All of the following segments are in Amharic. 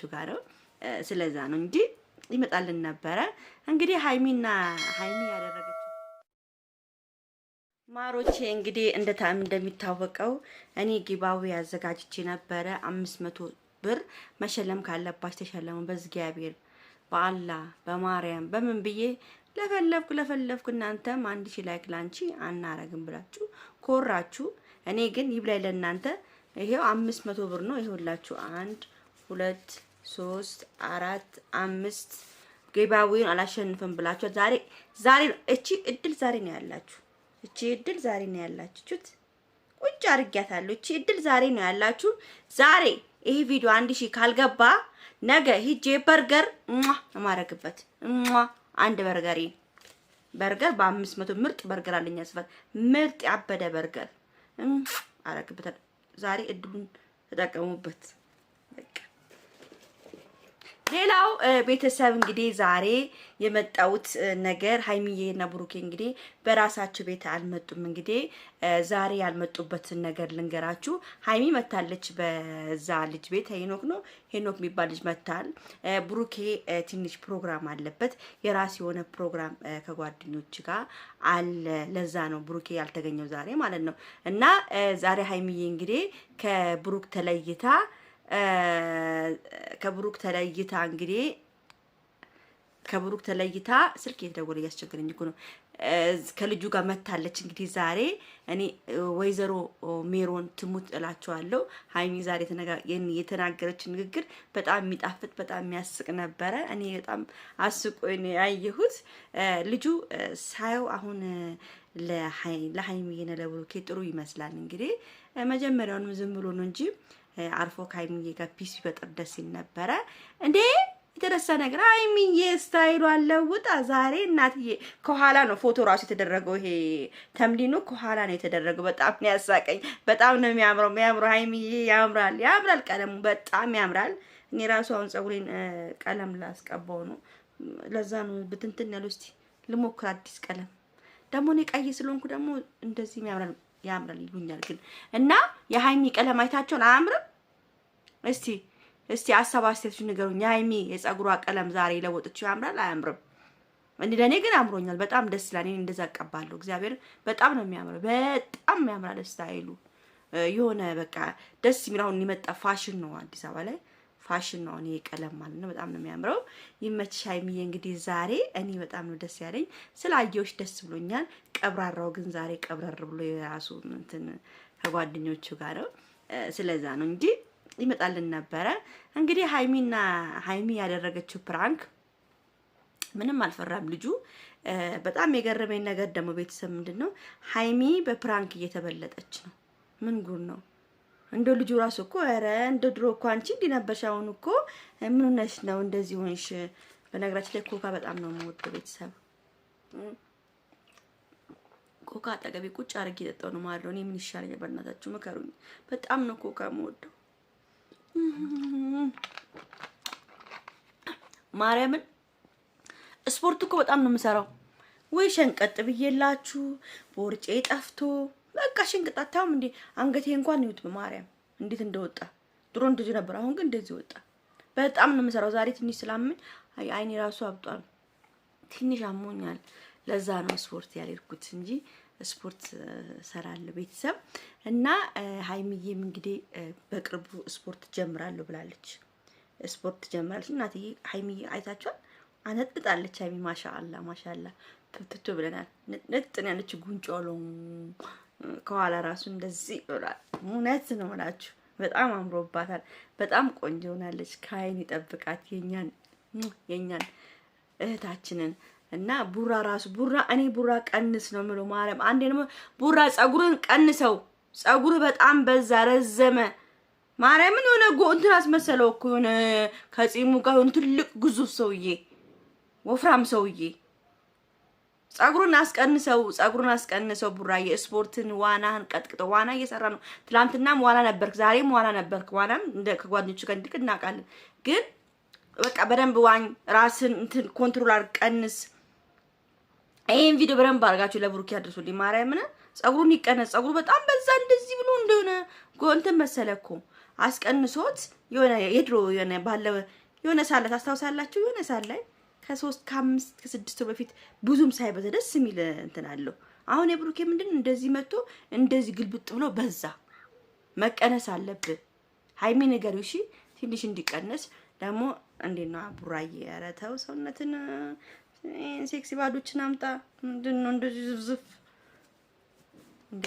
ከልጆቹ ጋር ስለዛ ነው እንጂ ይመጣልን ነበረ። እንግዲህ ሀይሚና ሀይሚ ያደረገችው ማሮቼ እንግዲህ እንደታም እንደሚታወቀው እኔ ጊባዊ አዘጋጅቼ ነበረ። አምስት መቶ ብር መሸለም ካለባች ተሸለሙ። በእግዚአብሔር በአላ በማርያም በምን ብዬ ለፈለፍኩ ለፈለፍኩ። እናንተም አንድ ሺ ላይክ ላንቺ አናረግም ብላችሁ ኮራችሁ። እኔ ግን ይብላይ ለእናንተ ይሄው አምስት መቶ ብር ነው ይሄውላችሁ። አንድ ሁለት ሶስት አራት አምስት ግባዊውን አላሸንፍም ብላችኋል። ዛሬ ዛሬ እቺ እድል ዛሬ ነው ያላችሁ። እቺ እድል ዛሬ ነው ያላችሁ። ቹት ቁጭ አድርጊያታለሁ። እቺ እድል ዛሬ ነው ያላችሁ። ዛሬ ይሄ ቪዲዮ አንድ ሺህ ካልገባ ነገ ሂጄ በርገር ሟ የማረግበት ሟ አንድ በርገሪ በርገር በአምስት መቶ ምርጥ በርገር አለኝ ያስፈል ምርጥ ያበደ በርገር አረግበታል። ዛሬ እድሉን ተጠቀሙበት። ሌላው ቤተሰብ እንግዲህ ዛሬ የመጣውት ነገር ሀይሚዬና ብሩኬ እንግዲህ በራሳቸው ቤት አልመጡም። እንግዲህ ዛሬ ያልመጡበትን ነገር ልንገራችሁ። ሀይሚ መታለች፣ በዛ ልጅ ቤት ሄኖክ ነው ሄኖክ የሚባል ልጅ መታል። ብሩኬ ትንሽ ፕሮግራም አለበት፣ የራስ የሆነ ፕሮግራም ከጓደኞች ጋር አለ። ለዛ ነው ብሩኬ ያልተገኘው ዛሬ ማለት ነው። እና ዛሬ ሀይሚዬ እንግዲህ ከብሩክ ተለይታ ከብሩክ ተለይታ እንግዲህ ከብሩክ ተለይታ ስልክ እየተደወለ እያስቸገረኝ እኮ ነው። ከልጁ ጋር መታለች። እንግዲህ ዛሬ እኔ ወይዘሮ ሜሮን ትሙት እላቸዋለሁ። ሀይሚ ዛሬ የተናገረች ንግግር በጣም የሚጣፍጥ በጣም የሚያስቅ ነበረ። እኔ በጣም አስቆኝ ያየሁት ልጁ ሳየው አሁን ለሀይሚ ለብሩኬ ጥሩ ይመስላል። እንግዲህ መጀመሪያውንም ዝም ብሎ ነው እንጂ አርፎ ከሀይሚዬ ጋር ፒስ ቢበጥር ደስ ይል ነበረ እንዴ የተረሳ ነገር ሀይሚዬ ስታይሉ አለውጣ። ዛሬ እናትዬ ከኋላ ነው ፎቶ ራሱ የተደረገው። ይሄ ተምሊኑ ከኋላ ነው የተደረገው። በጣም ነው ያሳቀኝ። በጣም ነው የሚያምረው። የሚያምረው ሀይሚዬ ያምራል፣ ያምራል። ቀለሙ በጣም ያምራል። እኔ ራሱ አሁን ፀጉሬን ቀለም ላስቀባው ነው። ለዛ ነው ብትንትን ያሉ እስቲ ልሞክር አዲስ ቀለም ደግሞ እኔ ቀይ ስለሆንኩ ደግሞ እንደዚህ የሚያምራል ያምራል ይሉኛል ግን እና የሀይሚ ቀለም አይታቸውን አያምርም? እስቲ እስቲ ሀሳብ አስተያየቶች ንገሩኝ። የሀይሚ የፀጉሯ ቀለም ዛሬ የለወጠችው ያምራል አያምርም? እንዴ ለኔ ግን አምሮኛል። በጣም ደስ ይላል። እኔ እንደዛ አቀባለሁ። እግዚአብሔር በጣም ነው የሚያምረው። በጣም ያምራል ስታይሉ የሆነ በቃ ደስ የሚል አሁን የመጣ ፋሽን ነው አዲስ አበባ ላይ ፋሽን ነው። እኔ ቀለም ማለት ነው በጣም ነው የሚያምረው። ይመችሽ ሀይሚዬ። እንግዲህ ዛሬ እኔ በጣም ነው ደስ ያለኝ ስላየሁሽ ደስ ብሎኛል። ቀብራራው ግን ዛሬ ቀብረር ብሎ የራሱ እንትን ከጓደኞቹ ጋር ነው። ስለዛ ነው እንጂ ይመጣልን ነበረ። እንግዲህ ሀይሚና ሀይሚ ያደረገችው ፕራንክ ምንም አልፈራም ልጁ። በጣም የገረመኝ ነገር ደግሞ ቤተሰብ ምንድን ነው ሀይሚ በፕራንክ እየተበለጠች ነው። ምን ጉር ነው? እንደ ልጁ ራሱ እኮ ኧረ እንደ ድሮ እኮ አንቺ እንዲህ ነበርሽ፣ አሁን እኮ ምን ሆነሽ ነው እንደዚህ ሆንሽ? በነገራችን ላይ ኮካ በጣም ነው የምወደው ቤተሰብ። ኮካ አጠገቤ ቁጭ አድርጌ የጠጣው ነው ማለት ነው። እኔ ምን ይሻለኝ? በእናታችሁ ምከሩኝ። በጣም ነው ኮካ የምወደው ማርያምን። ስፖርት እኮ በጣም ነው የምሰራው። ወይ ሸንቀጥ ብዬላችሁ ቦርጬ ጠፍቶ እቃሽን ቅጣታውም እንዴ አንገቴ እንኳን ይውት በማርያም እንዴት እንደወጣ ድሮ እንደዚህ ነበር፣ አሁን ግን እንደዚህ ወጣ። በጣም ነው የምሰራው። ዛሬ ትንሽ ስላመኝ አይኔ ራሱ አብጧል፣ ትንሽ አሞኛል። ለዛ ነው ስፖርት ያልሄድኩት እንጂ ስፖርት ሰራለሁ። ቤተሰብ እና ሀይሚዬም እንግዲህ በቅርቡ ስፖርት ጀምራለሁ ብላለች። ስፖርት ጀምራለች እናትዬ ሀይሚዬ አይታችኋል። አነጥጣለች ሀይሚ ማሻአላ ማሻአላ ትብትቱ ብለናል። ነጥጥን ያለች ጉንጮ ሎም ከኋላ ራሱ እንደዚህ ይውላል። እውነት ነው ምላችሁ በጣም አምሮባታል። በጣም ቆንጆ ሆናለች። ከአይን ይጠብቃት የኛን የኛን እህታችንን እና ቡራ ራሱ ቡራ እኔ ቡራ ቀንስ ነው ምሎ ማርያም አንዴ ደግሞ ቡራ ጸጉርን ቀንሰው ጸጉር በጣም በዛ ረዘመ። ማርያምን የሆነ ጎ እንትን አስመሰለው እኮ የሆነ ከጺሙ ጋር ትልቅ ግዙፍ ሰውዬ ወፍራም ሰውዬ ጸጉሩን አስቀንሰው ጸጉሩን አስቀንሰው ቡራዬ፣ ስፖርትን ዋናህን ቀጥቅጠው። ዋና እየሰራ ነው። ትላንትናም ዋና ነበርክ፣ ዛሬም ዋና ነበርክ። ዋናም እንደ ከጓደኞቹ ጋር እንድቅ እናውቃለን። ግን በቃ በደንብ ዋኝ፣ ራስን እንትን ኮንትሮል አድርግ፣ ቀንስ። ይሄን ቪዲዮ በደንብ አድርጋችሁ ለብሩክ ያድርሱልኝ። ማርያምን ጸጉሩን ይቀነስ። ጸጉሩ በጣም በዛ እንደዚህ ብሎ እንደሆነ ጎንትን መሰለ እኮ አስቀንሶት የሆነ የድሮ የሆነ ባለ የሆነ ሳለ ታስታውሳላችሁ የሆነ ሳለ ከሶስት ከአምስት ከስድስት በፊት ብዙም ሳይበዛ ደስ የሚል እንትን አለው። አሁን የብሩኬ ምንድን እንደዚህ መጥቶ እንደዚህ ግልብጥ ብሎ በዛ መቀነስ አለብህ ሀይሜ ነገር እሺ፣ ትንሽ እንዲቀነስ ደግሞ እንዴና ቡራዬ ኧረ ተው ሰውነትን ሴክሲ ባዶችን አምጣ። ምንድን ነው እንደዚህ ዝፍዝፍ እንዴ?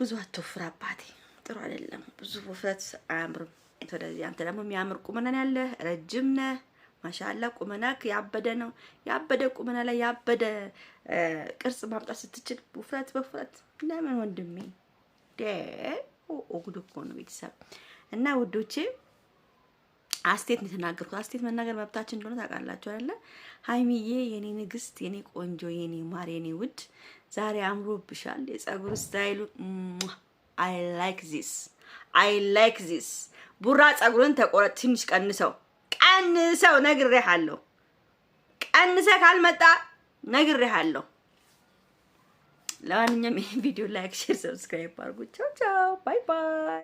ብዙ አትወፍር አባቴ። ጥሩ አይደለም። ብዙ ውፍረት አያምርም። ስለዚህ አንተ ደግሞ የሚያምር ቁመና ያለህ ረጅም ነህ። ማሻላ ቁመናክ ያበደ ነው። ያበደ ቁመና ላይ ያበደ ቅርጽ ማምጣት ስትችል ውፍረት በውፍረት ለምን ወንድሜ ጉድ እኮ ነው ቤተሰብ እና ውዶቼ አስቴት ነው የተናገርኩት። አስቴት መናገር መብታችን እንደሆነ ታውቃላችሁ አይደለ? ሀይሚዬ የኔ ንግስት፣ የኔ ቆንጆ፣ የኔ ማር፣ የኔ ውድ ዛሬ አምሮብሻል። የጸጉር ስታይሉ አይ ላይክ ዚስ አይ ላይክ ዚስ። ቡራ ፀጉርን ተቆረጥ፣ ትንሽ ቀንሰው ቀንሰው፣ ነግሬሃለሁ። ቀንሰ ካልመጣ ነግሬሃለሁ። ለማንኛውም ይህ ቪዲዮ ላይክ፣ ሼር፣ ሰብስክራይብ አድርጉ። ቻው ቻው፣ ባይ ባይ።